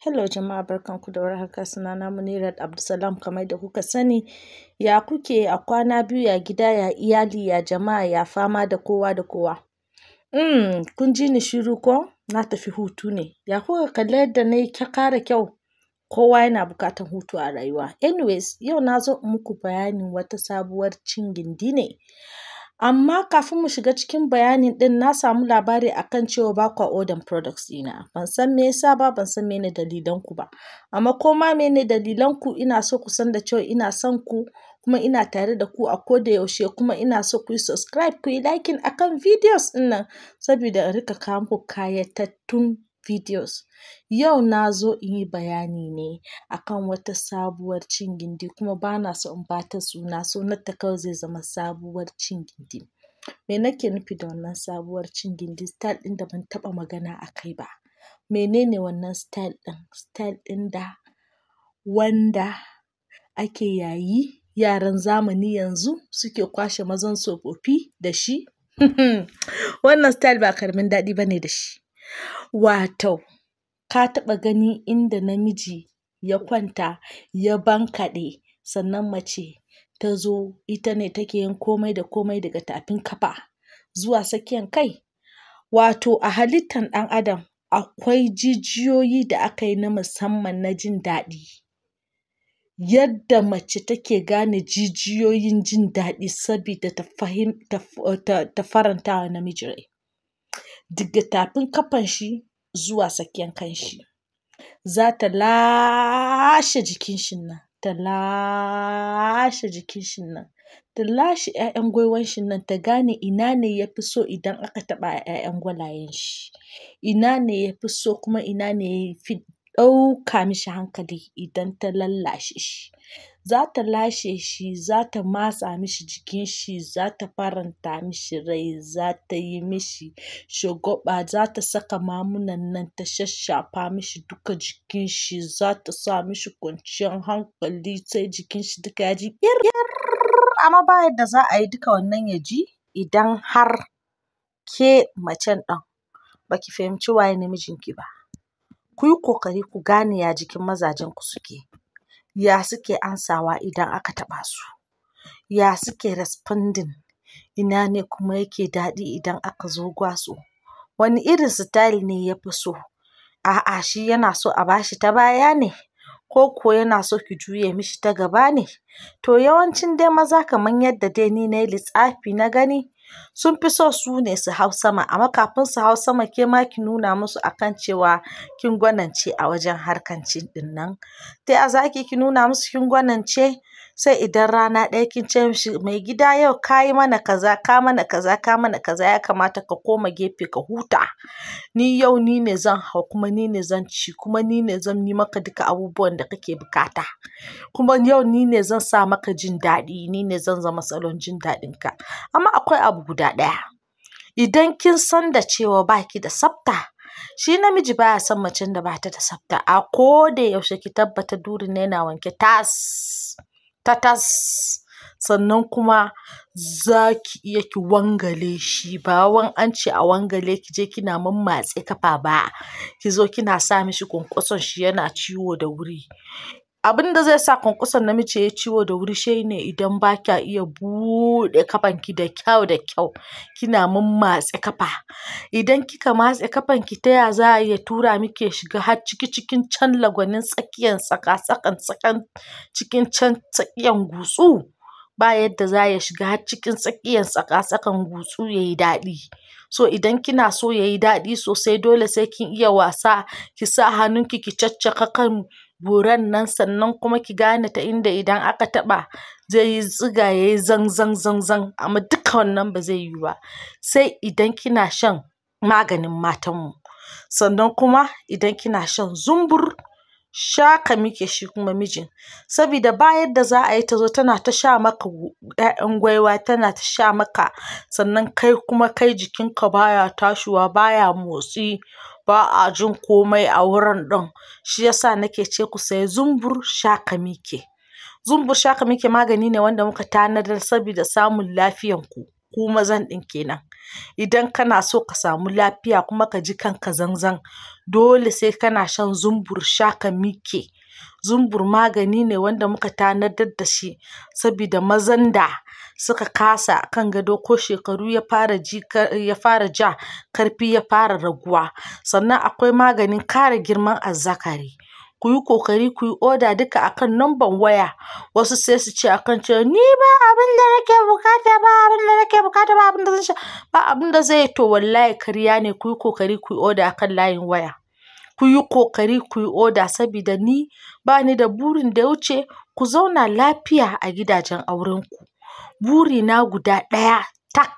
Hello jama'a barkanku da warhaka sunana Munirat Abdulsalam kamar da kuka sani ya kuke a kwana biyu ya gida ya iyali ya jama'a ya fama da kowa da kowa mm kun ji ni shiru ko na tafi hutu ne ya kuka kalli yadda na yi kara kyau kowa yana bukatan hutu a rayuwa anyways yau na zo in muku bayanin wata sabuwar cin gindi ne Amma kafin mu shiga cikin bayanin din na samu labari akan cewa ba kwa odin products ɗina. Ban san me yasa ba, ban san mene dalilan ku ba. Amma ko ma mene dalilan ku ina so ku san da cewa ina son ku kuma ina tare da ku a ko da yaushe kuma ina so ku yi subscribe ku yi liking akan videos ɗin nan saboda in rika kawo muku kayatattun videos. Yau na zo in yi bayani ne akan wata sabuwar cin gindi kuma ba na so in bata suna ta kawai zai zama sabuwar cin gindi. Me nake nufi da wannan sabuwar cin gindi? Style ɗin da ban taɓa magana a kai ba. Menene wannan style ɗin? Style ɗin da wanda ake yayi yaran zamani yanzu suke kwashe mazan tsofaffi da shi. Wannan style ba karamin daɗi ba ne da shi. Wato ka taɓa gani inda namiji ya kwanta ya bankaɗe sannan mace ta zo ita ne take yin komai da komai daga tafin kafa zuwa sakiyan kai? Wato a halittan ɗan adam akwai jijiyoyi da aka yi na musamman na jin daɗi. Yadda mace take gane jijiyoyin jin daɗi sabida ta faranta wa namiji rai. daga tafin kafan shi zuwa kan shi. za ta lashe jikin shi nan ta lashe jikin shi nan ta lashe 'ya'yan gwaiwan shi nan ta gane ina ne ya fi so idan aka taɓa 'ya'yan gwalayen shi ina ne ya fi so kuma ina ne ya fi ɗauka mishi hankali idan ta lallashe shi za ta lashe shi, za ta matsa mishi jikin shi, za ta faranta mishi rai, za ta yi mishi shagwaba, za ta saka mamunan nan ta shashafa mishi duka jikin shi, za ta sa mishi kwanciyar hankali sai jikin shi duka ya ji amma ba yadda za a yi duka wannan ya ji idan har ke macen ɗan, ba ki fahimci waye namijinki ba. Ku yi ƙoƙari ku gane ya jikin ku suke. ya suke ansawa idan aka taɓa su ya suke responding ina ne kuma yake daɗi idan aka zo gwaso wani irin style ne ya fi so a'a shi yana so a bashi ta baya ne ko ko yana so ki juye mishi ta gaba ne to yawancin dai maza kamar yadda dai ni na yi lissafi na gani sun fi so su ne su hau sama amma kafin su hau sama ke ma ki nuna musu akan cewa kin gwanance a wajen harkan cin nan. Ta ya ki nuna musu kin gwanance sai idan rana ɗaya kin ce mishi mai gida yau ka yi mana kaza ka mana kaza ka mana kaza ya kamata ka koma gefe ka huta ni yau ni ne zan hau kuma ni ne zan ci kuma ni ne zan yi maka duka abubuwan da kake bukata kuma yau ni ne zan sa maka jin daɗi ni ne zan zama salon jin daɗin ka amma akwai abu guda ɗaya idan kin san da cewa baki da tsafta shi namiji baya son macen da bata da tsafta a ko da yaushe ki tabbata durin yana wanke tas tas sannan kuma za ki iya ki wangale shi ba wan an ce a wangale ki je kina mammatse kafa ba ki zo kina sa mishi kwankwason shi yana ciwo da wuri abin da zai sa kwankwasar namiji ya ciwo da wuri shi ne idan ba kya iya buɗe kafanki da kyau da kyau kina mammatse kafa idan kika matse kafanki ta ya za a iya tura miki ya shiga har ciki cikin can lagwanin tsakiyan tsaka tsakan tsakan cikin can tsakiyan gutsu ba yadda za ya shiga har cikin tsakiyan tsaka tsakan gutsu ya yi daɗi so idan kina so ya yi daɗi sosai dole sai kin iya wasa ki sa hannunki ki caccaka kan buran nan sannan kuma ki gane ta inda idan aka taɓa zai yi tsiga ya yi zan zan zan zan amma duka wannan ba zai yi ba sai idan kina shan maganin matanmu sannan kuma idan kina shan zumbur shaka muke shi kuma mijin saboda ba yadda za a yi ta zo tana ta sha maka ƴaƴan gwaiwa tana ta sha maka sannan kai kuma kai jikinka baya tashiwa baya motsi ba a jin komai a wurin ɗin shi yasa nake ce ku sayi zumbur shaka muke zumbur shaka muke magani ne wanda muka tanadar saboda samun lafiyan ku ku mazan ɗin kenan idan kana so ka samu lafiya kuma ka ji kanka zanzan dole sai kana shan zumbur shaka mike zumbur magani ne wanda muka tanadar da shi saboda mazan da suka kasa kan gado ko shekaru ya fara ji ya fara ja karfi ya fara raguwa sannan akwai maganin kare girman azzakari ku yi ƙoƙari ku yi oda duka akan number waya wasu sai su ce akan cewa ni ba abin da nake bukata ba abin da nake bukata ba abin da zan sha ba abin da zai to wallahi karya ne ku yi ƙoƙari ku yi oda akan layin waya ku yi ƙoƙari ku yi oda saboda ni ba ni da burin da ya wuce ku zauna lafiya a gidajen auren ku buri na guda ɗaya tak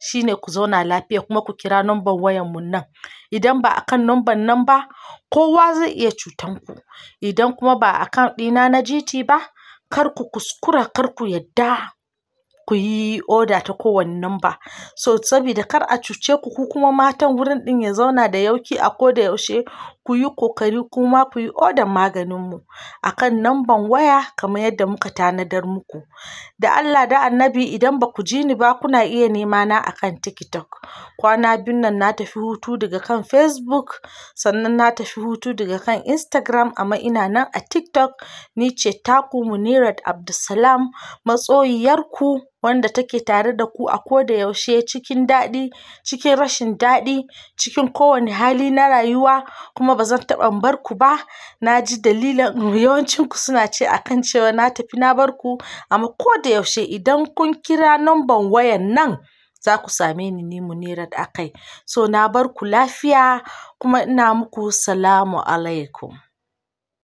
shine ku zauna lafiya kuma ku kira wayan mu nan idan ba akan number nan ba kowa zai iya cutan ku idan kuma ba account ɗina na GT ba kar ku kuskura kar ku yadda ku yi oda ta kowane namba so sabida kar a cuce ku ku kuma matan wurin ɗin ya zauna da yauƙi a ko da yaushe ku yi ƙoƙari kuma ku yi odan maganinmu a kan namban waya kamar yadda muka tanadar muku. Da Allah da annabi idan ba ku ji ni ba kuna iya nema na a kan TikTok. Kwana biyun nan na tafi hutu daga kan Facebook sannan na tafi hutu daga kan Instagram amma ina nan a TikTok ni ce taku Munirat Abdulsalam ku wanda take tare da ku a koda yaushe cikin daɗi cikin rashin daɗi cikin kowane hali na rayuwa kuma kuma ba zan taɓa bar ku ba na ji dalilin yawancin ku suna ce akan cewa na tafi na bar ku amma ko da yaushe idan kun kira namban wayan nan za ku same ni ni munira da akai so na bar ku lafiya kuma ina muku salamu alaikum